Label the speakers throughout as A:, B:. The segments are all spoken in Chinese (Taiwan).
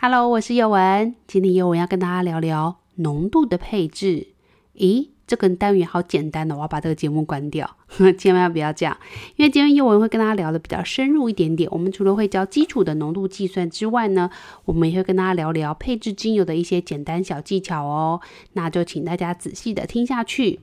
A: 哈囉，我是宥雯，今天宥雯要跟大家聊聊濃度的配置。咦，這個單元好簡單哦！我要把這個節目關掉，呵，千萬不要這樣，因為今天宥雯會跟大家聊得比較深入一點點。我們除了會教基礎的濃度計算之外呢，我們也會跟大家聊聊配置精油的一些簡單小技巧哦。那就請大家仔細地聽下去。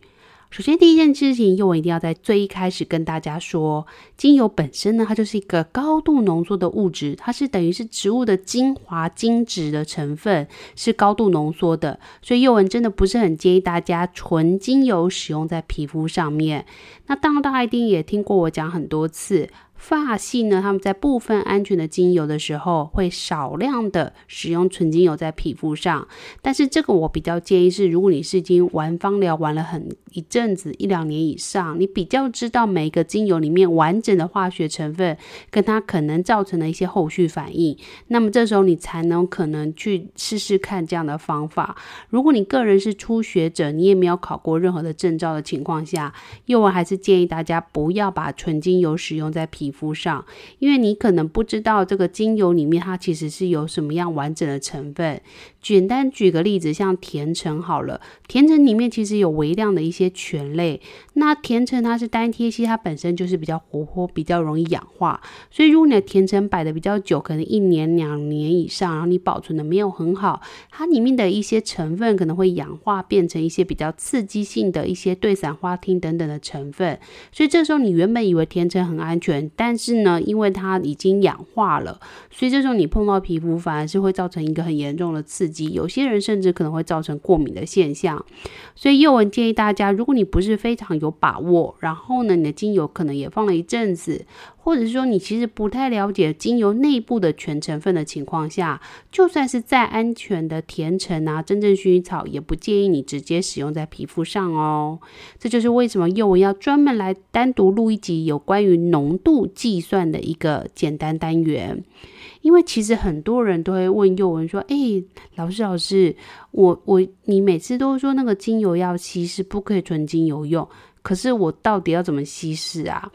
A: 首先，第一件事情，宥雯一定要在最一開始跟大家說，精油本身呢，它就是一個高度濃縮的物質，它是等於是植物的精華、精脂的成分，是高度濃縮的。所以，宥雯真的不是很建議大家純精油使用在皮膚上面。那當然，大家一定也聽過我講很多次。發系呢？他們在部分安全的精油的時候，會少量的使用純精油在皮膚上。但是這個我比較建議是，如果你是已經玩芳療玩了很一陣子，一兩年以上，你比較知道每一個精油裡面完整的化學成分，跟它可能造成的一些後續反應，那麼這時候你才能可能去試試看這樣的方法。如果你個人是初學者，你也沒有考過任何的證照的情況下，宥雯還是建議大家不要把純精油使用在皮膚上。皮膚上，因為你可能不知道這個精油裡面它其實是有什麼樣完整的成分。簡單舉個例子，像甜橙好了，甜橙裡面其實有微量的一些醛類。那甜橙它是單萜烯，它本身就是比較活潑，比較容易氧化。所以如果你的甜橙擺的比較久，可能一年兩年以上，然後你保存的沒有很好，它裡面的一些成分可能會氧化變成一些比較刺激性的一些對傘花烴等等的成分。所以這時候你原本以為甜橙很安全。但是呢，因為它已經氧化了，所以這時候你碰到皮膚反而是會造成一個很嚴重的刺激，有些人甚至可能會造成過敏的現象。所以宥雯建議大家，如果你不是非常有把握，然後呢，你的精油可能也放了一陣子，或者是說你其實不太了解精油內部的全成分的情況下，就算是再安全的甜橙啊，真正薰衣草也不建議你直接使用在皮膚上哦。這就是為什麼宥雯要專門來單獨錄一集有關於濃度計算的一個簡單單元，因為其實很多人都會問宥雯說：“哎，老師老師，我我你每次都說那個精油要稀釋，不可以純精油用，可是我到底要怎麼稀釋啊？”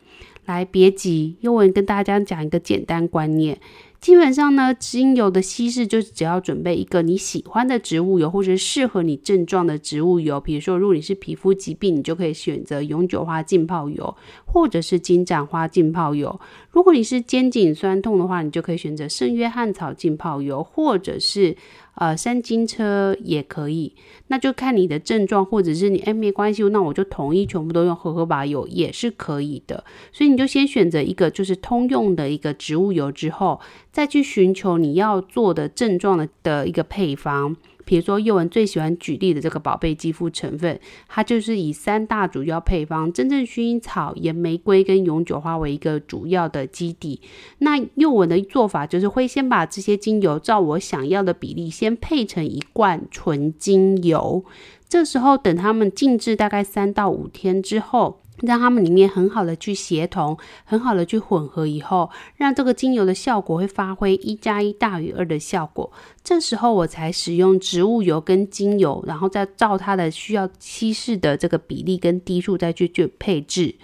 A: 來，別急，宥雯跟大家講一個簡單觀念。基本上呢，精油的稀釋就只要準備一個你喜歡的植物油，或者適合你症狀的植物油。比如說，如果你是皮膚疾病，你就可以選擇永久花浸泡油，或者是金盞花浸泡油。如果你是肩頸痠痛的話，你就可以選擇聖約翰草浸泡油，或者是。呃，三金車也可以，那就看你的症狀，或者是你，哎，沒關係，那我就統一全部都用荷荷巴油也是可以的。所以你就先選擇一個就是通用的一個植物油，之後再去尋求你要做的症狀的的一個配方。比如說，宥雯最喜歡舉例的這個寶貝肌膚成分，它就是以三大主要配方——真正薰衣草、岩玫瑰跟永久花為一個主要的基底。那宥雯的做法就是會先把這些精油照我想要的比例先配成一罐純精油。這時候等它們靜置大概三到五天之後。讓它們裡面很好的去協同，很好的去混合以後，讓這個精油的效果會發揮一加一大於二的效果。這時候我才使用植物油跟精油，然後再照它的需要稀釋的這個比例跟滴數再去去配置。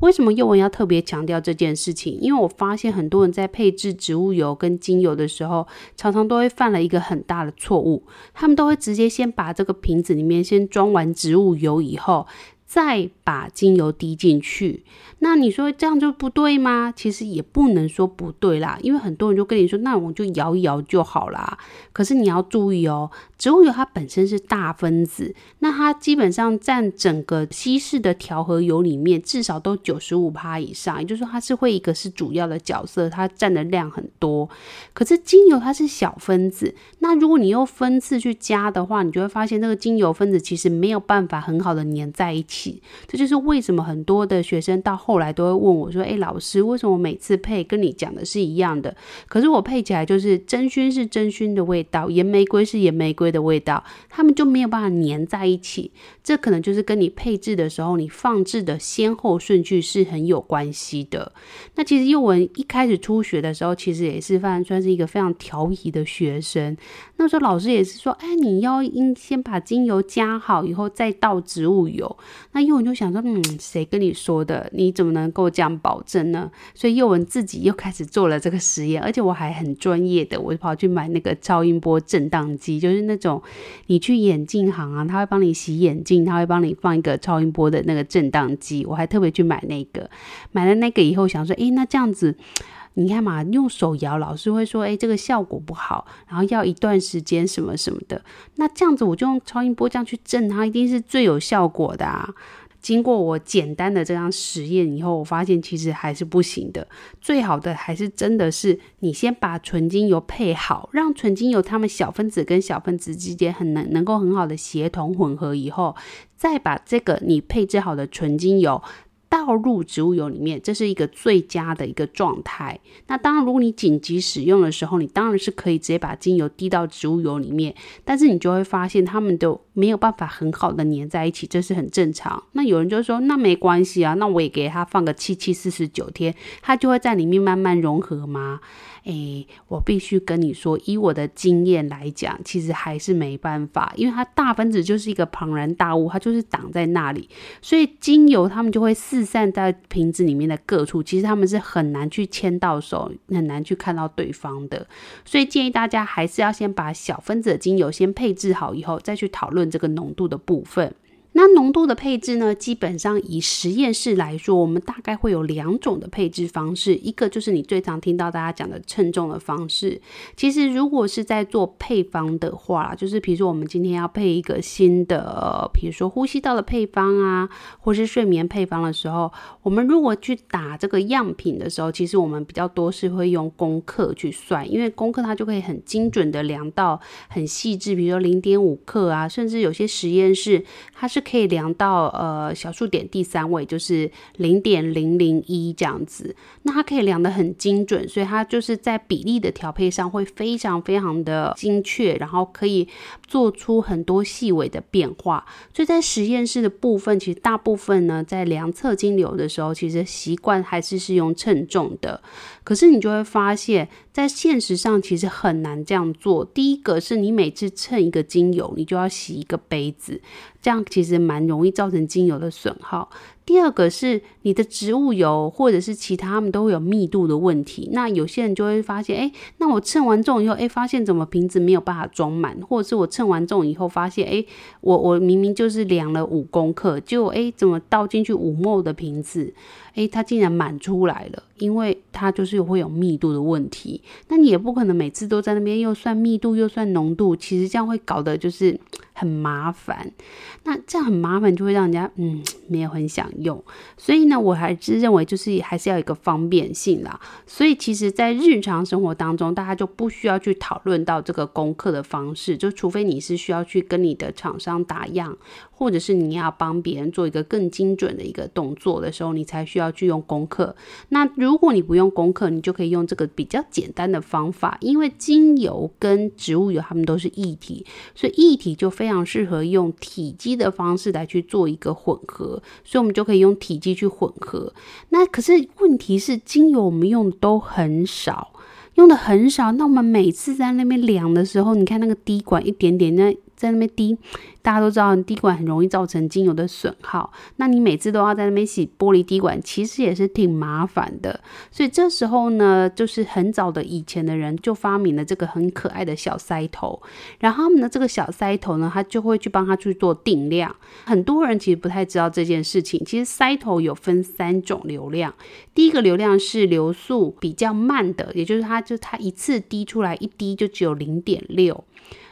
A: 為什麼宥雯要特別強調這件事情？因為我發現很多人在配置植物油跟精油的時候，常常都會犯了一個很大的錯誤，他們都會直接先把這個瓶子裡面先裝完植物油以後，再把精油滴進去，那你說這樣就不對嗎？其實也不能說不對啦，因為很多人就跟你說，那我就搖一搖就好啦。可是你要注意哦、喔，植物油它本身是大分子，那它基本上佔整個稀釋的調和油裡面至少都九十五趴以上，也就是說它是會一個是主要的角色，它佔的量很多。可是精油它是小分子，那如果你用分次去加的話，你就會發現這個精油分子其實沒有辦法很好的粘在一起。這就是為什麼很多的學生到後來都會問我說：“哎，老師，為什麼我每次配跟你講的是一樣的？可是我配起來就是真薰，是真薰的味道，岩玫瑰是岩玫瑰的味道，他們就沒有辦法粘在一起。這可能就是跟你配置的時候，你放置的先後順序是很有關係的。那其實宥雯一開始初學的時候，其實也是非常算是一個非常調宜的學生。那時候老師也是說：哎，你要應先把精油加好以後再倒植物油。那宥雯就想。想說，嗯，誰跟你說的？你怎麼能夠這樣保證呢？所以宥雯自己又開始做了這個實驗，而且我還很專業的，我就跑去買那個超音波震盪機，就是那種你去眼鏡行啊，他會幫你洗眼鏡，他會幫你放一個超音波的那個震盪機，我還特別去買那個。買了那個以後，想說，哎、欸，那這樣子，你看嘛，用手搖，老師會說，哎、欸，這個效果不好，然後要一段時間什麼什麼的。那這樣子，我就用超音波這樣去震它，一定是最有效果的啊。經過我簡單的這樣實驗以後，我發現其實還是不行的。最好的還是真的是你先把純精油配好，讓純精油它們小分子跟小分子之間很能能夠很好的協同混合以後，再把這個你配置好的純精油，倒入植物油裡面，這是一個最佳的一個狀態。那當然，如果你緊急使用的時候，你當然是可以直接把精油滴到植物油裡面，但是你就會發現它們都沒有辦法很好的粘在一起，這是很正常。那有人就說，那沒關係啊，那我也給它放個七七四十九天，它就會在裡面慢慢融合嘛。誒、欸，我必須跟你說，以我的經驗來講，其實還是沒辦法，因為它大分子就是一個龐然大物，它就是擋在那裡，所以精油它們就會四散在瓶子裡面的各處，其實他們是很難去牽到手，很難去看到對方的，所以建議大家還是要先把小分子的精油先配置好以後，再去討論這個濃度的部分。那濃度的配置呢？基本上以實驗室來說，我們大概會有兩種的配置方式，一個就是你最常聽到大家講的稱重的方式。其實如果是在做配方的話，就是比如說我們今天要配一個新的，比如說呼吸道的配方啊，或是睡眠配方的時候，我們如果去打這個樣品的時候，其實我們比較多是會用公克去算，因為公克它就可以很精準的量到很細緻，比如說零點五克啊，甚至有些實驗室它是。可以量到呃小數點第三位，就是零點零零一這樣子。那它可以量得很精準，所以它就是在比例的調配上會非常非常的精確，然後可以做出很多細微的變化。所以在實驗室的部分，其實大部分呢，在量測金流的時候，其實習慣還是是用稱重的。可是你就會發現，在現實上其實很難這樣做。第一個是你每次蹭一個精油，你就要洗一個杯子，這樣其實蠻容易造成精油的損耗。第二個是你的植物油或者是其他，他們都會有密度的問題。那有些人就會發現，哎、欸，那我稱完重以後，哎、欸，發現怎麼瓶子沒有辦法裝滿，或者是我稱完重以後發現，哎、欸，我我明明就是量了五公克，就哎、欸、怎麼倒進去五毫升的瓶子，哎、欸、它竟然滿出來了，因為它就是會有密度的問題。那你也不可能每次都在那邊又算密度又算濃度，其實這樣會搞得就是很麻煩。那這樣很麻煩，就會讓人家嗯沒有很想。用，所以呢，我還是認為就是還是要一個方便性啦。所以，其實，在日常生活當中，大家就不需要去討論到這個功課的方式，就除非你是需要去跟你的廠商打樣。或者是你要幫別人做一個更精準的一個動作的時候，你才需要去用公克。那如果你不用公克，你就可以用這個比較簡單的方法，因為精油跟植物油它們都是液體，所以液體就非常適合用體積的方式來去做一個混合。所以，我們就可以用體積去混合。那可是問題是，精油我們用的都很少，用的很少。那我們每次在那邊量的時候，你看那個滴管一點點在在那邊滴。大家都知道，滴管很容易造成精油的損耗。那你每次都要在那邊洗玻璃滴管，其實也是挺麻煩的。所以這時候呢，就是很早的以前的人就發明了這個很可愛的小塞頭。然後呢，這個小塞頭呢，它就會去幫它去做定量。很多人其實不太知道這件事情，其實塞頭有分三種流量，第一個流量是流速比較慢的，也就是它就它一次滴出來一滴就只有零點六。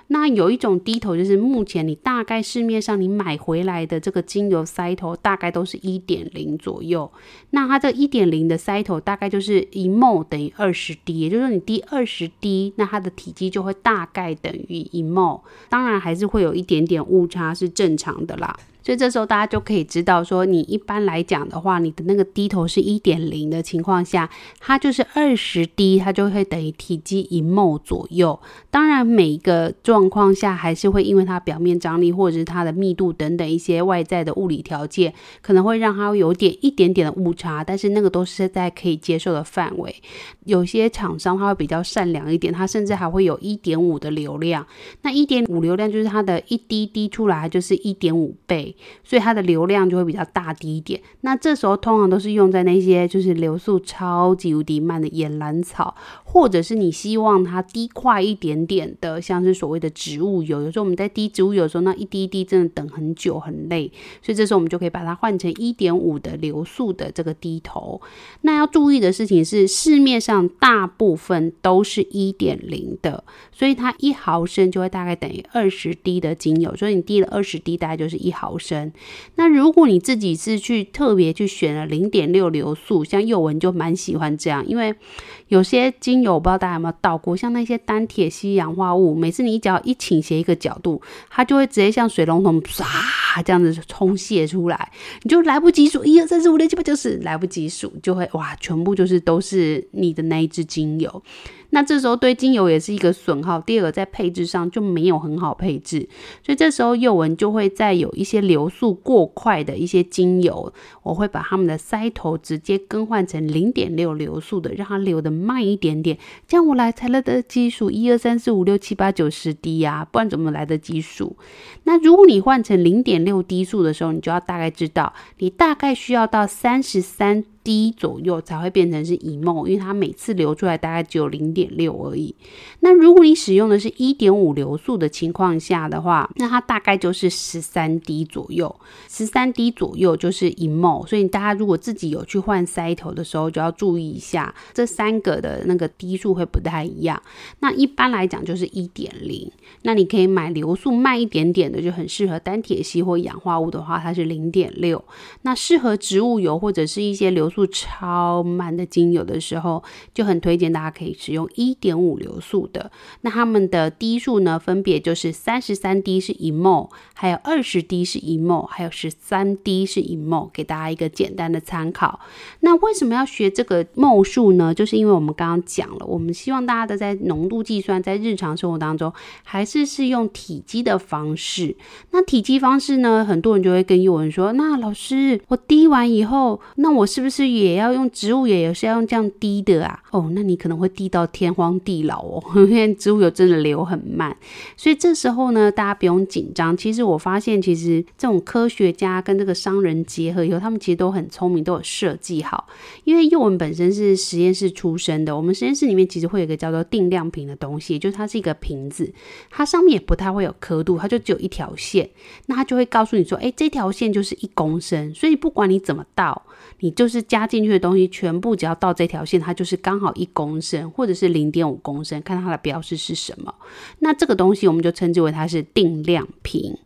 A: 那有一種滴頭，就是目前你大概市面上你買回來的這個精油塞頭，大概都是一點零左右。那它這一點零的塞頭，大概就是一 ml 等於二十滴，也就是說你滴二十滴，那它的體積就會大概等於一 ml，當然還是會有一點點誤差，是正常的啦。所以這時候大家就可以知道，說你一般來講的話，你的那個滴頭是一點零的情況下，它就是二十滴，它就會等於體積一摩左右。當然，每一個狀況下還是會因為它表面張力或者是它的密度等等一些外在的物理條件，可能會讓它有點一點點的誤差，但是那個都是在可以接受的範圍。有些廠商它會比較善良一點，它甚至還會有一點五的流量。那一點五流量就是它的一滴滴出來就是一點五倍。所以它的流量就會比較大滴一點，那這時候通常都是用在那些就是流速超級無敵慢的岩蘭草，或者是你希望它滴快一點點的，像是所謂的植物油。有時候我們在滴植物油的時候，那一滴一滴真的等很久很累，所以這時候我們就可以把它換成一點五的流速的這個滴頭。那要注意的事情是，市面上大部分都是一點零的，所以它一毫升就會大概等於二十滴的精油，所以你滴了20滴了二十滴，大概就是一毫升。那如果你自己是去特別去選了零點六流速，像宥雯就蠻喜歡這樣，因為有些精油，我不知道大家有沒有倒過，像那些單萜烯、氧化物，每次你只要一傾斜一個角度，它就會直接像水龍頭刷這樣子沖瀉出來，你就來不及數一二三四五六七八九十，來不及數就會哇，全部就是都是你的那一支精油。那這時候對精油也是一個損耗。第二個在配置上就沒有很好配置，所以這時候宥雯就會再有一些流速過快的一些精油，我會把它們的塞頭直接更換成零點六流速的，讓它流的慢一點點，這樣我來才來得及數一二三四五六七八九十滴呀、啊，不然怎麼來得及數？那如果你換成零點六滴數的時候，你就要大概知道，你大概需要到三十三滴。滴左右才會變成是一毫，因為它每次流出來大概只有零點六而已。那如果你使用的是一點五流速的情況下的話，那它大概就是十三滴左右，十三滴左右就是一毫。所以大家如果自己有去換塞頭的時候，就要注意一下這三個的那個滴數會不太一樣。那一般來講就是一點零，那你可以買流速慢一點點的，就很適合單萜烯或氧化物的話，它是零點六。那適合植物油或者是一些流速超慢的精油的時候，就很推薦大家可以使用一點五流速的。那他們的滴數呢，分別就是三十三滴是一 ml，還有二十滴是一 ml，還有十三滴是一 ml，給大家一個簡單的參考。那為什麼要學這個 ml 數呢？就是因為我們剛剛講了，我們希望大家的在濃度計算，在日常生活當中，還是是用體積的方式。那體積方式呢，很多人就會跟宥雯說：“那老師，我滴完以後，那我是不是？”也要用植物油，也是要用這樣滴的啊？哦，那你可能會滴到天荒地老哦。因為植物油真的流很慢，所以這時候呢，大家不用緊張。其實我發現，其實這種科學家跟這個商人結合以後，他們其實都很聰明，都有設計好。因為因為宥雯本身是實驗室出身的，我們實驗室裡面其實會有一個叫做定量瓶的東西，就是它是一個瓶子，它上面也不太會有刻度，它就只有一條線，那它就會告訴你說，誒、欸，這條線就是一公升，所以不管你怎麼倒，你就是加進去的東西，全部只要到這條線，它就是剛好一公升，或者是零點五公升，看它的標示是什麼。那這個東西我們就稱之為它是定量瓶。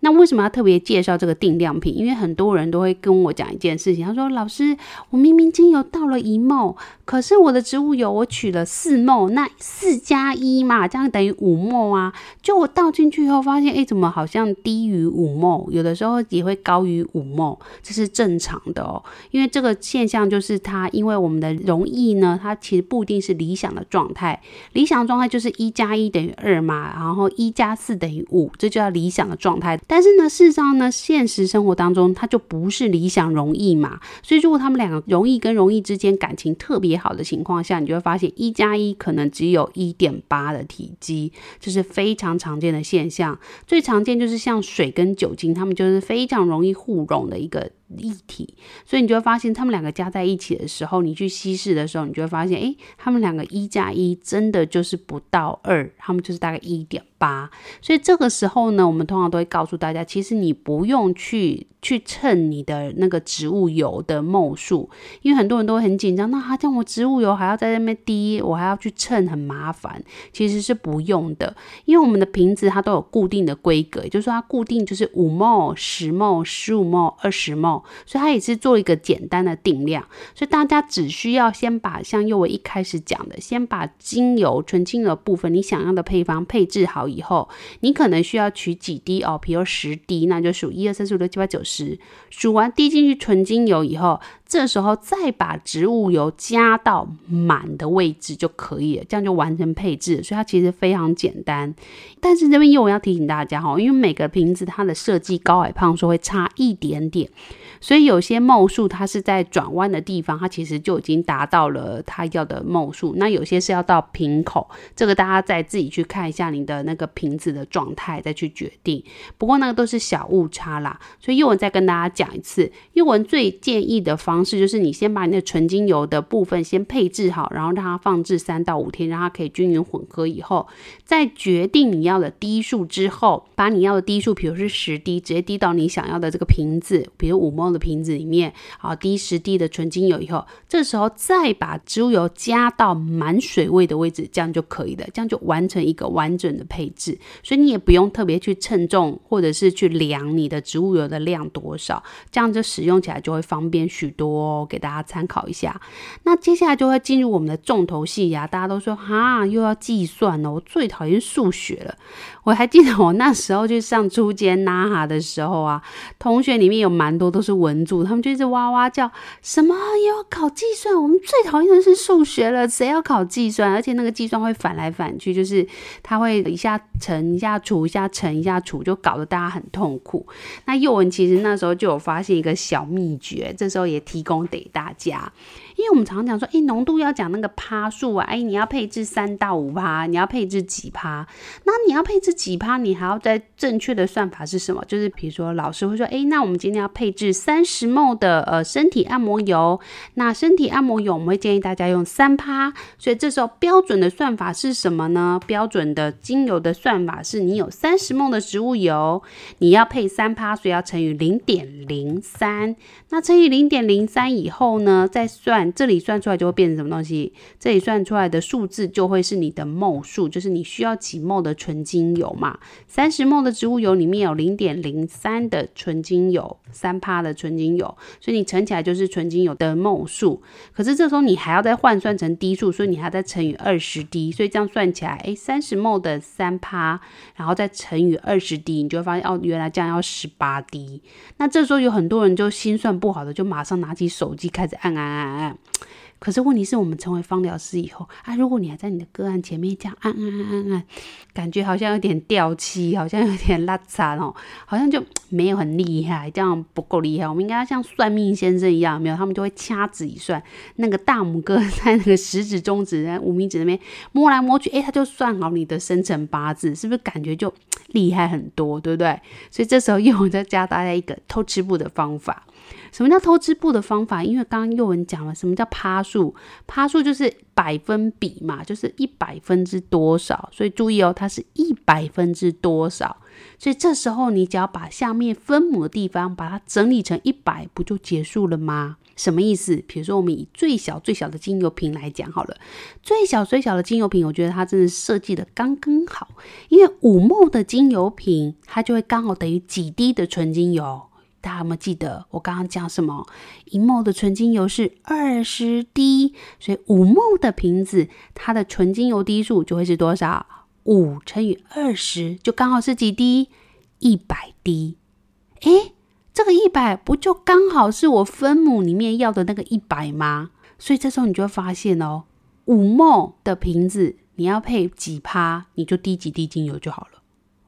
A: 那為什麼要特別介紹這個定量瓶？因為很多人都會跟我講一件事情，他說：“老師，我明明精油倒了一某。”可是我的植物油我取了四 ml 那四加一嘛，這樣等於五 ml 啊。就我倒進去以後發現，哎，怎麼好像低於五 ml，有的時候也會高於五 ml，這是正常的哦。因為這個現象就是它，因為我們的溶液呢，它其實不一定是理想的狀態。理想狀態就是一加一等於二嘛，然後一加四等於五，5, 這就叫理想的狀態。但是呢，事實上呢，現實生活當中它就不是理想溶液嘛。所以如果他們兩個溶液跟溶液之間感情特別，好的情況下，你就會發現一加一可能只有一點八的體積，這就是非常常見的現象。最常見就是像水跟酒精，它們就是非常容易互溶的一個。液體，所以你就會發現，他們兩個加在一起的時候，你去稀釋的時候，你就會發現，哎，他們兩個一加一真的就是不到二，他們就是大概一點八。所以這個時候呢，我們通常都會告訴大家，其實你不用去去稱你的那個植物油的毫數，因為很多人都會很緊張，那好、啊、像我植物油還要在那邊滴，我還要去稱，很麻煩。其實是不用的，因為我們的瓶子它都有固定的規格，就是說它固定就是五毫、十毫、十五毫、二十毫所以它也是做一個簡單的定量，所以大家只需要先把像宥雯一開始講的，先把精油純精油的部分你想要的配方配置好以後，你可能需要取幾滴哦，比如十滴，那就數一二三四五六七八九十，數完滴進去純精油以後。這時候再把植物油加到滿的位置就可以了，這樣就完成配置。所以它其實非常簡單。但是這邊宥雯要提醒大家哦，因為每個瓶子它的設計高矮胖瘦會差一點點，所以有些毫數它是在轉彎的地方，它其實就已經達到了它要的毫數。那有些是要到瓶口，這個大家再自己去看一下你的那個瓶子的狀態，再去決定。不過那個都是小誤差啦，所以宥雯再跟大家講一次，宥雯最建議的方。方式就是你先把你的純精油的部分先配置好，然後讓它放置三到五天，讓它可以均勻混合以後，再決定你要的滴數之後，把你要的滴數，比如說是十滴，直接滴到你想要的這個瓶子，比如五毫升的瓶子裡面，好，滴十滴的純精油以後，這時候再把植物油加到滿水位的位置，這樣就可以了，這樣就完成一個完整的配置。所以你也不用特別去稱重或者是去量你的植物油的量多少，這樣就使用起來就會方便許多。我給大家參考一下，那接下來就會進入我們的重頭戲呀，啊！大家都說哈，又要計算哦，我最討厭數學了。我還記得我那時候就上初階 NAHA 的時候啊，同學裡面有蠻多都是文組，他們就是哇哇叫，什麼又要考計算，我們最討厭的是數學了，誰要考計算？而且那個計算會反來反去，就是他會一下乘一下除一下乘，一下，乘一下除，就搞得大家很痛苦。那宥雯其實那時候就有發現一個小祕訣，這時候也提供給大家。因為我們常常講說，哎，濃度要講那個趴數啊，哎，你要配置三到五趴，你要配置幾趴？那你要配置幾趴？你還要在正確的算法是什麼？就是比如說老師會說，哎，那我們今天要配置三十 ml 的呃身體按摩油，那身體按摩油我們會建議大家用三趴，所以這時候標準的算法是什麼呢？標準的精油的算法是你有三十 ml 的植物油，你要配三趴，所以要乘以零點零三，那乘以零點零三以後呢，再算。這裡算出來就會變成什麼東西？這裡算出來的數字就會是你的 ml 數，就是你需要幾 ml 的純精油嘛？三十 ml 的植物油裡面有零點零三的純精油，三趴的純精油，所以你乘起來就是純精油的 ml 數。可是這時候你還要再換算成滴數，所以你還要再乘以二十滴，所以這樣算起來，哎，三十 ml 的三趴，然後再乘以二十滴，你就會發現哦，原來這樣要十八滴。那這時候有很多人就心算不好的，就馬上拿起手機開始按按按按。可是問題是我們成為芳療師以後啊，如果你還在你的個案前面這樣按按按按按，感覺好像有點掉漆，好像有點拉碴哦，好像就沒有很厲害，這樣不夠厲害。我們應該要像算命先生一樣，沒有他們就會掐指一算，那個大拇哥在那個食指、中指、無、那個、名指那邊摸來摸去，誒、欸，他就算好你的生辰八字，是不是感覺就厲害很多，對不對？所以這時候又我在教大家一個偷吃步的方法。什麼叫偷吃步的方法？因為剛剛宥雯講了，什麼叫趴數？趴數就是百分比嘛，就是一百分之多少。所以注意哦，它是一百分之多少。所以這時候你只要把下面分母的地方把它整理成一百，不就結束了嗎？什麼意思？比如說我們以最小最小的精油瓶來講好了，最小最小的精油瓶，我覺得它真的設計得剛剛好，因為五目的精油瓶，它就會剛好等於幾滴的純精油。大家有沒有記得我剛剛講什麼？一毫升的純精油是二十滴，所以五毫升的瓶子，它的純精油滴數就會是多少？五乘以二十就剛好是幾滴？一百滴。哎、欸，這個一百不就剛好是我分母裡面要的那個一百嗎？所以這時候你就會發現哦，五毫升的瓶子，你要配幾趴，你就滴幾滴精油就好了。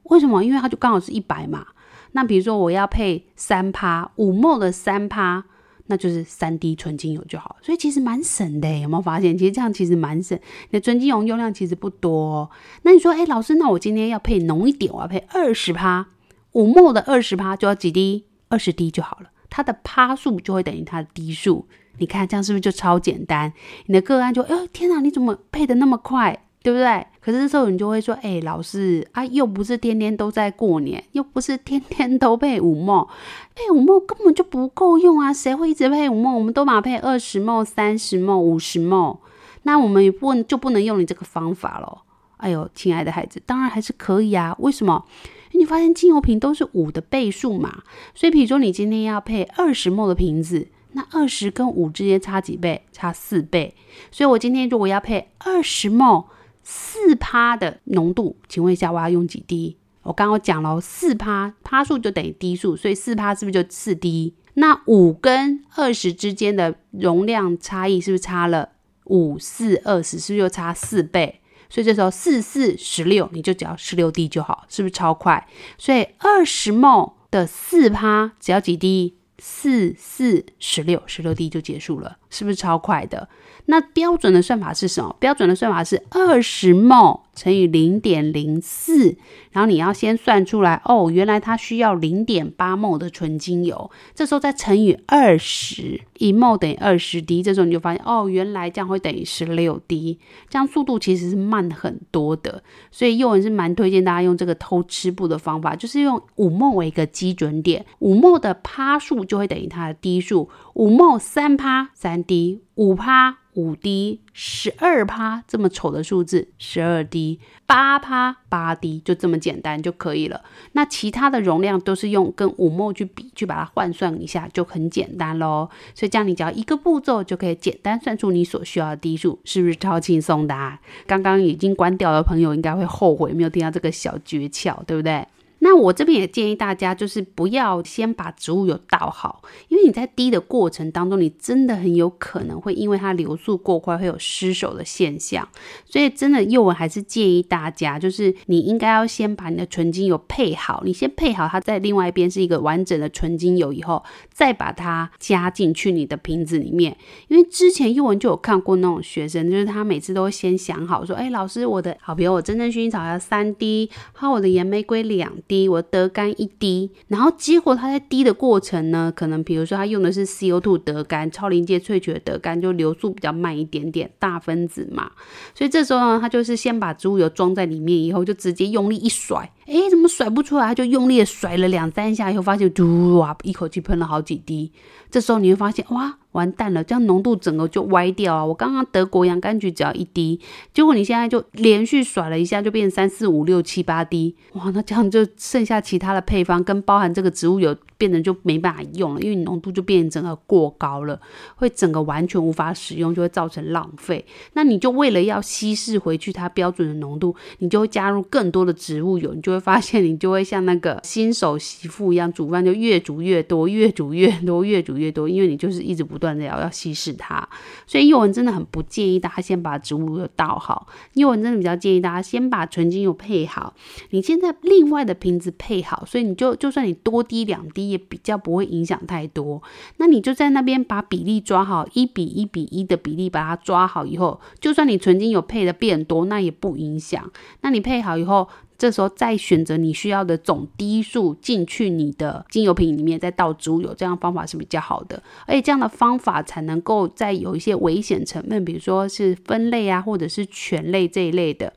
A: 為什麼？因為它就剛好是一百嘛。那比如說我要配三趴 5ml 的三趴，那就是三滴純精油就好。所以其實蠻省的、欸，有沒有發現？其實這樣其實蠻省，你的純精油用量其實不多、喔。那你說、欸，誒老師，那我今天要配濃一點，我要配二十趴 5ml 的二十趴，就要幾滴？二十滴就好了，它的趴數就會等於它的滴數。你看這樣是不是就超簡單？你的個案就，哎，天哪，啊，你怎麼配得那麼快？對不對？可是這時候你就會說，哎，老師啊，又不是天天都在過年，又不是天天都配五 ml，哎，五 ml 根本就不夠用啊！誰會一直配五 ml？我們都嘛配二十 ml、三十 ml、五十 ml，那我們也不就不能用你這個方法了？哎呦，親愛的孩子，當然還是可以啊！為什麼？你發現精油瓶都是五的倍數嘛？所以，比如說你今天要配二十 ml 的瓶子，那二十跟五之間差幾倍？差四倍。所以我今天如果要配二十 ml。四趴的濃度，請問一下我要用幾滴？我剛剛我講了，四趴趴數就等於滴數，所以四趴是不是就四滴？那五跟二十之間的容量差異是不是差了五四二十？是不是又差四倍？所以這時候四四十六，你就只要十六滴就好，是不是超快？所以二十毫升的四趴只要幾滴？四四十六，十六滴就結束了。是不是超快的？那標準的算法是什麼？標準的算法是二十 ml 乘以零點零四，然後你要先算出來哦，原來它需要零點八 ml 的純精油，這時候再乘以二十，一 ml 等於二十滴，這時候你就發現哦，原來這樣會等於十六滴，這樣速度其實是慢很多的。所以宥雯是蠻推薦大家用這個偷吃步的方法，就是用五 ml 為一個基準點，五 ml 的趴數就會等於它的滴數，五 ml 三趴三。滴，五趴五滴，十二趴這麼醜的數字十二滴，八趴八滴，就這麼簡單就可以了。那其他的容量都是用跟五摩去比，去把它換算一下，就很簡單嘍。所以這樣你只要一個步驟就可以簡單算出你所需要的滴數，是不是超輕鬆的啊？剛剛已經關掉的朋友，應該會後悔沒有聽到這個小訣竅，對不對？那我這邊也建議大家，就是不要先把植物油倒好，因為你在滴的過程當中，你真的很有可能會因為它流速過快會有失手的現象。所以真的，宥雯還是建議大家，就是你應該要先把你的純精油配好，你先配好它在另外一邊是一個完整的純精油以後，再把它加進去你的瓶子裡面。因為之前宥雯就有看過那種學生，就是他每次都會先想好說，哎、欸，老師，我的好，比如我真正薰衣草要三滴，好，我的岩玫瑰兩滴。滴，我德甘一滴，然後結果它在滴的過程呢，可能比如說它用的是 CO2 德甘，超臨界萃取的德甘，就流速比較慢一點點，大分子嘛，所以這時候呢，它就是先把植物油裝在裡面，以後就直接用力一甩。哎，怎麼甩不出來？就用力的甩了兩三下，以後發現嘟啊，一口氣噴了好幾滴。這時候你會發現，哇，完蛋了，這樣濃度整個就歪掉啊！我剛剛德國洋甘菊只要一滴，結果你現在就連續甩了一下，就變成三四五六七八滴，哇，那這樣就剩下其他的配方跟包含這個植物油。變得就沒辦法用了，因為你濃度就變成整個過高了，會整個完全無法使用，就會造成浪費。那你就為了要稀釋回去它標準的濃度，你就會加入更多的植物油，你就會發現你就會像那個新手媳婦一樣煮飯，就越煮越多，越煮越多，越煮越多，因為你就是一直不斷的要要稀釋它。所以宥雯真的很不建議大家先把植物油倒好，宥雯真的比較建議大家先把純精油配好，你現在另外的瓶子配好，所以你就就算你多滴兩滴。也比較不會影響太多，那你就在那邊把比例抓好，一比一比一的比例把它抓好以後，就算你純精油配的變多，那也不影響。那你配好以後。這時候再選擇你需要的總滴數進去你的精油瓶裡面，再倒植物油，這樣方法是比較好的。而且這樣的方法才能夠在有一些危險成分，比如說是酚類啊，或者是醛類這一類的。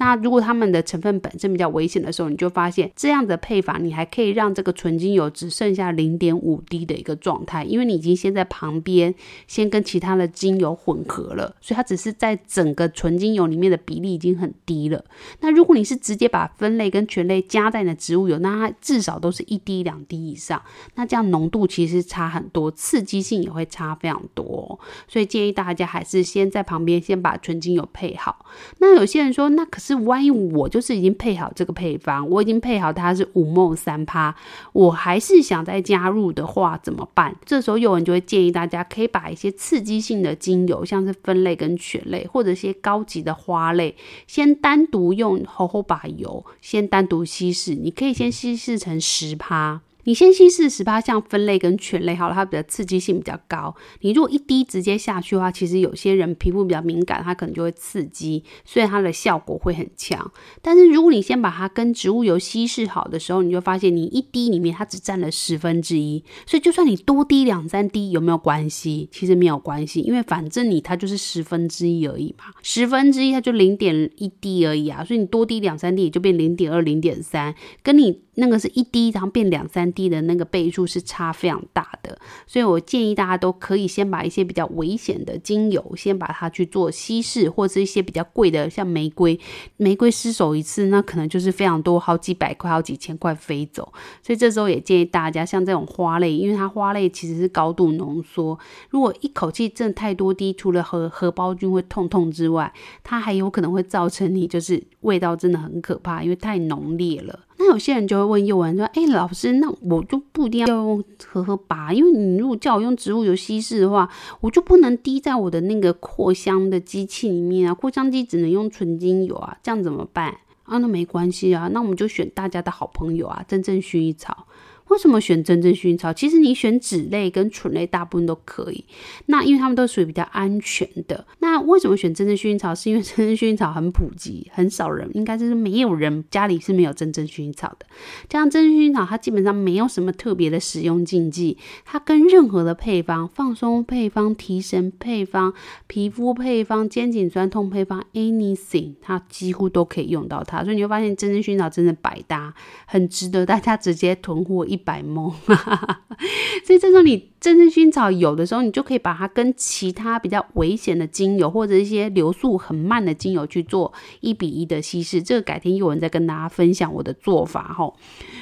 A: 那如果它們的成分本身比較危險的時候，你就發現這樣的配法，你還可以讓這個純精油只剩下零點五滴的一個狀態，因為你已經先在旁邊先跟其他的精油混合了，所以它只是在整個純精油裡面的比例已經很低了。那如果你是直接把把酚類跟醛類加在你的植物油，那它至少都是一滴兩滴以上，那這樣濃度其實差很多，刺激性也會差非常多，所以建議大家還是先在旁邊先把純精油配好。那有些人說，那可是萬一我就是已經配好這個配方，我已經配好它是 5ml 三趴，我還是想再加入的話怎麼辦？這時候有人就會建議大家可以把一些刺激性的精油，像是酚類跟醛類或者一些高級的花類，先單獨用荷荷巴油。先單獨稀釋，你可以先稀釋成十趴。你先稀釋十八項酚類跟醛類好了，它比較刺激性比較高。你如果一滴直接下去的話，其實有些人皮膚比較敏感，它可能就會刺激。雖然它的效果會很強，但是如果你先把它跟植物油稀釋好的時候，你就發現你一滴裡面它只佔了十分之一，所以就算你多滴兩三滴有沒有關係？其實沒有關係，因為反正你它就是十分之一而已嘛，十分之一它就零點一滴而已啊，所以你多滴兩三滴也就變零點二、零點三，跟你。那個是一滴，然後變兩三滴的那個倍數是差非常大的，所以我建議大家都可以先把一些比較危險的精油，先把它去做稀釋，或是一些比較貴的，像玫瑰，玫瑰失手一次，那可能就是非常多，好幾百塊、好幾千塊飛走。所以這時候也建議大家，像這種花類，因為它花類其實是高度濃縮，如果一口氣真的太多滴，除了荷荷包菌會痛痛之外，它還有可能會造成你就是味道真的很可怕，因為太濃烈了。那有些人就會問宥雯說：“誒、欸、老師，那我就不一定要用荷荷巴，因為你如果叫我用植物油稀釋的話，我就不能滴在我的那個擴香的機器裡面啊，擴香機只能用純精油啊，這樣怎麼辦？”啊，那沒關係啊，那我們就選大家的好朋友啊，真正薰衣草。為什麼選真正薰衣草？其實你選脂類跟醇類大部分都可以，那因為他們都屬於比較安全的。那為什麼選真正薰衣草？是因為真正薰衣草很普及，很少人，應該就是沒有人家裡是沒有真正薰衣草的。這樣真正薰衣草，它基本上沒有什麼特別的使用禁忌，它跟任何的配方、放鬆配方、提神配方、皮膚配方、肩頸痠痛配方，anything，它幾乎都可以用到它。所以你會發現真正薰衣草真的百搭，很值得大家直接囤貨一。一百蒙， 所以這時候你真正薰衣草有的時候，你就可以把它跟其他比較危險的精油或者一些流速很慢的精油去做一比一的稀釋。這個改天宥雯再跟大家分享我的做法哈。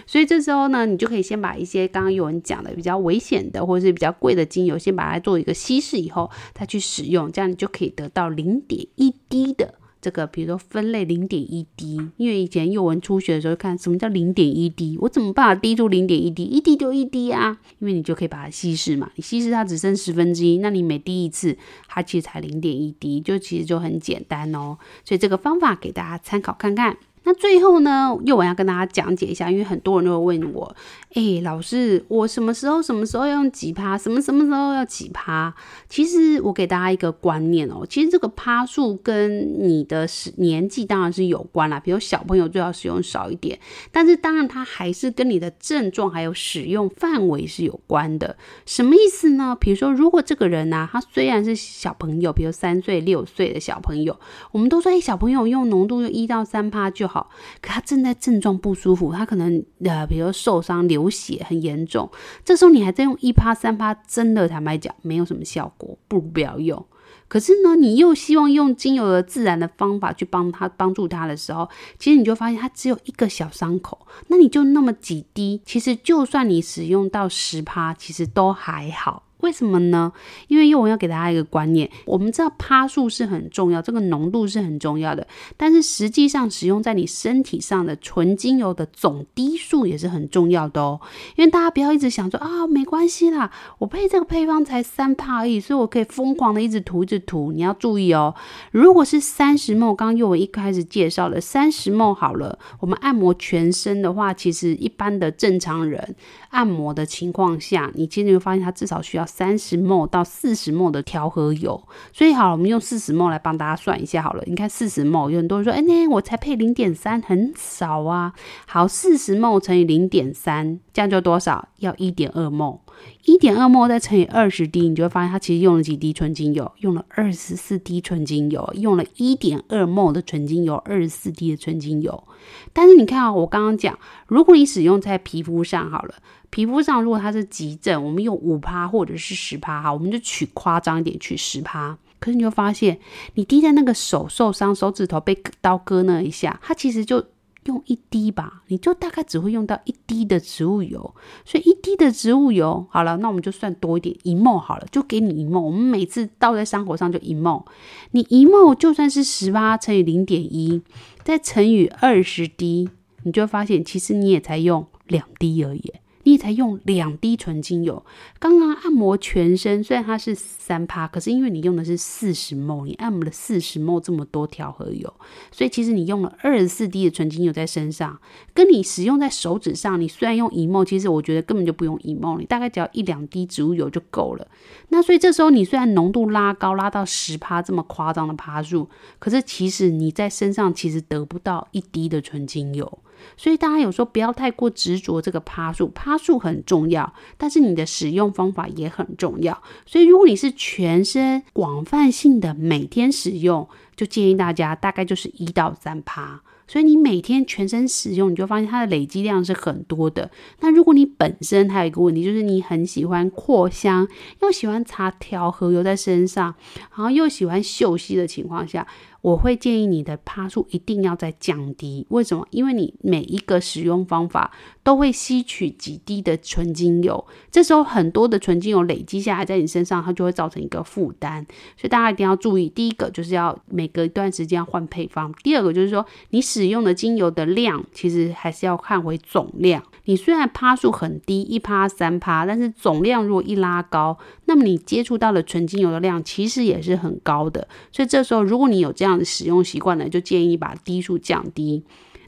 A: 所以這時候呢，你就可以先把一些剛剛有人講的比較危險的或者是比較貴的精油，先把它做一個稀釋以後，再去使用，這樣你就可以得到零點一滴的。這個比如說分類零點一滴。因為以前宥雯初學的時候，看什麼叫零點一滴？我怎麼辦法滴出零點一滴？一滴就一滴啊。因為你就可以把它稀釋嘛，你稀釋它只剩十分之一，10, 那你每滴一次，它其實才零點一滴，就其實就很簡單哦，所以這個方法給大家參考看看。那最後呢，宥雯要跟大家講解一下，因為很多人都會問我。哎、欸，老師，我什麼時候、什麼時候用幾趴？什麼什麼時候要幾趴？其實我給大家一個觀念哦、喔，其實這個趴數跟你的年紀當然是有關啦。比如小朋友最好使用少一點，但是當然它還是跟你的症狀還有使用範圍是有關的。什麼意思呢？比如說，如果這個人吶、啊，他雖然是小朋友，比如三歲、六歲的小朋友，我們都說，誒、欸，小朋友用濃度用一到三趴就好。可他正在症狀不舒服，他可能呃，比如說受傷流。流血很嚴重，這時候你還在用一趴三趴，真的坦白講沒有什麼效果，不如不要用。可是呢，你又希望用精油的自然的方法去幫他幫助他的時候，其實你就發現他只有一個小傷口，那你就那麼幾滴，其實就算你使用到十趴，其實都還好。為什麼呢？因為宥雯要給大家一個觀念，我們知道趴數是很重要，這個濃度是很重要的，但是實際上使用在你身體上的純精油的總滴數也是很重要的哦。因為大家不要一直想說啊、哦，沒關係啦，我配這個配方才三趴而已，所以我可以瘋狂的一直塗一直塗。你要注意哦，如果是三十 ml，剛剛宥雯一開始介紹了三十 ml 好了，我們按摩全身的話，其實一般的正常人按摩的情況下，你其實你會發現它至少需要。三十 ml 到四十 ml 的調和油，所以好，我們用四十 ml 來幫大家算一下好了。你看四十 ml，有很多人說：“哎、欸，那我才配零點三，很少啊。”好，四十 ml 乘以零點三，這樣就多少？要一點二 ml，一點二 ml 再乘以二十滴，你就會發現它其實用了幾滴純精油，用了二十四滴純精油，用了一點二 ml 的純精油，二十四滴的純精油。但是你看啊、喔，我剛剛講，如果你使用在皮膚上，好了。皮膚上如果它是急症，我們用五趴或者是十趴哈，我們就取誇張一點，取十趴。可是你就會發現，你滴在那個手受傷，手指頭被刀割那一下，它其實就用一滴吧，你就大概只會用到一滴的植物油。所以一滴的植物油，好了，那我們就算多一點，一沫好了，就給你一沫。我們每次倒在傷口上就一沫，你一沫就算是十八乘以零點一，再乘以二十滴，你就會發現其實你也才用兩滴而已。你才用兩滴純精油，剛剛按摩全身，雖然它是三趴，可是因為你用的是四十 ml，你按摩了四十 ml 這麼多調和油，所以其實你用了二十四滴的純精油在身上，跟你使用在手指上，你雖然用一 ml，其實我覺得根本就不用一 ml，你大概只要一兩滴植物油就夠了。那所以這時候你雖然濃度拉高，拉到十趴這麼誇張的趴數，可是其實你在身上其實得不到一滴的純精油。所以大家有時候不要太過執着這個趴數，趴數很重要，但是你的使用方法也很重要。所以如果你是全身廣泛性的每天使用，就建議大家大概就是一到三趴。所以你每天全身使用，你就發現它的累積量是很多的。那如果你本身還有一個問題，就是你很喜歡擴香，又喜歡擦調和油在身上，然後又喜歡嗅吸的情況下，我會建議你的趴數一定要再降低，為什麼？因為你每一個使用方法。都會吸取幾滴的純精油，這時候很多的純精油累積下來在你身上，它就會造成一個負擔，所以大家一定要注意。第一個就是要每隔一段時間要換配方，第二個就是說你使用的精油的量，其實還是要看回總量。你雖然趴數很低，一趴三趴，但是總量如果一拉高，那麼你接觸到的純精油的量其實也是很高的。所以這時候如果你有這樣的使用習慣呢，就建議把滴數降低。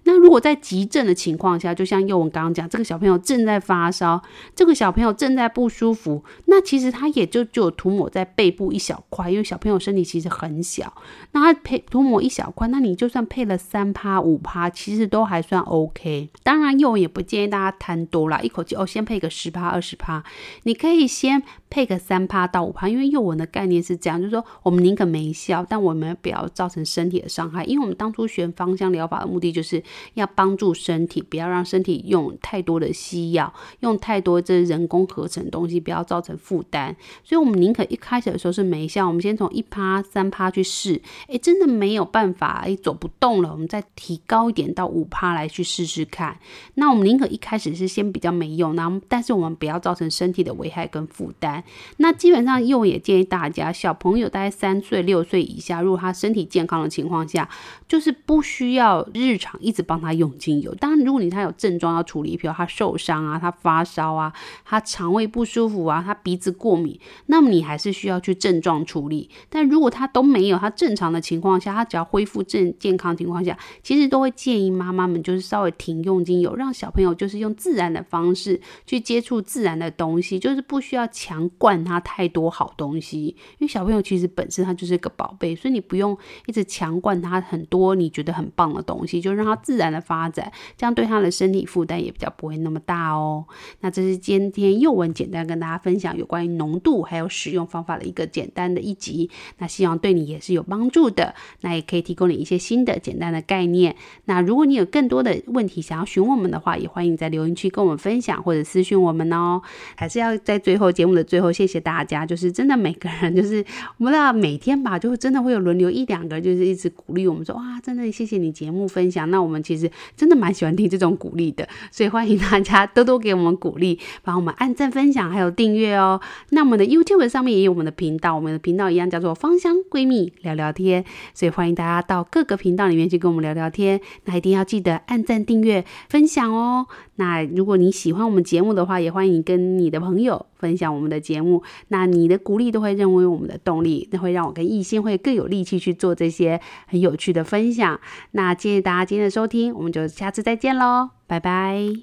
A: 那如果在急症的情況下，就像宥雯剛剛講，這個小朋友正在發燒，這個小朋友正在不舒服，那其實他也就就有塗抹在背部一小塊，因為小朋友身體其實很小，那他配塗抹一小塊，那你就算配了三趴五趴，其實都還算 OK。當然，宥雯也不建議大家貪多啦，一口氣哦，先配個十趴二十趴，你可以先配個三趴到五趴，因為宥雯的概念是這樣，就是說我們寧可沒效，但我們不要造成身體的傷害，因為我們當初選芳香療法的目的就是。要幫助身體，不要讓身體用太多的西藥，用太多這人工合成的東西，不要造成負擔。所以，我們寧可一開始的時候是沒效，我們先從一趴、三趴去試。誒，真的沒有辦法，誒，走不動了，我們再提高一點到五趴來去試試看。那我們寧可一開始是先比較沒用，然後但是我們不要造成身體的危害跟負擔。那基本上，又也建議大家，小朋友大概三歲、六歲以下，如果他身體健康的情況下，就是不需要日常一直。幫他用精油，當然，如果你他有症狀要處理，比如他受傷啊，他發燒啊，他腸胃不舒服啊，他鼻子過敏，那麼你還是需要去症狀處理。但如果他都沒有，他正常的情況下，他只要恢復正健康情況下，其實都會建議媽媽們就是稍微停用精油，讓小朋友就是用自然的方式去接觸自然的東西，就是不需要強灌他太多好東西，因為小朋友其實本身他就是一個寶貝，所以你不用一直強灌他很多你覺得很棒的東西，就讓他。自然的發展，這樣對他的身體負擔也比較不會那麼大哦。那這是今天宥雯簡單跟大家分享有關於濃度還有使用方法的一個簡單的一集。那希望對你也是有幫助的，那也可以提供你一些新的簡單的概念。那如果你有更多的問題想要詢問我們的話，也歡迎你在留言區跟我們分享或者私訊我們哦。還是要在最後節目的最後，謝謝大家。就是真的每個人，就是我們的每天吧，就真的會有輪流一兩個，就是一直鼓勵我們說，哇，真的謝謝你節目分享。那我們。其實真的蠻喜歡聽這種鼓勵的，所以歡迎大家多多給我們鼓勵，幫我們按讚、分享，還有訂閱哦。那我們的 YouTube 上面也有我們的頻道，我們的頻道一樣叫做“芳香閨蜜聊聊天”，所以歡迎大家到各個頻道裡面去跟我們聊聊天。那一定要記得按讚、訂閱、分享哦。那如果你喜歡我們節目的話，也歡迎跟你的朋友。分享我們的節目，那你的鼓勵都會成為我們的動力，那會讓我跟一心會更有力氣去做這些很有趣的分享。那謝謝大家今天的收聽，我們就下次再見嘍，拜拜。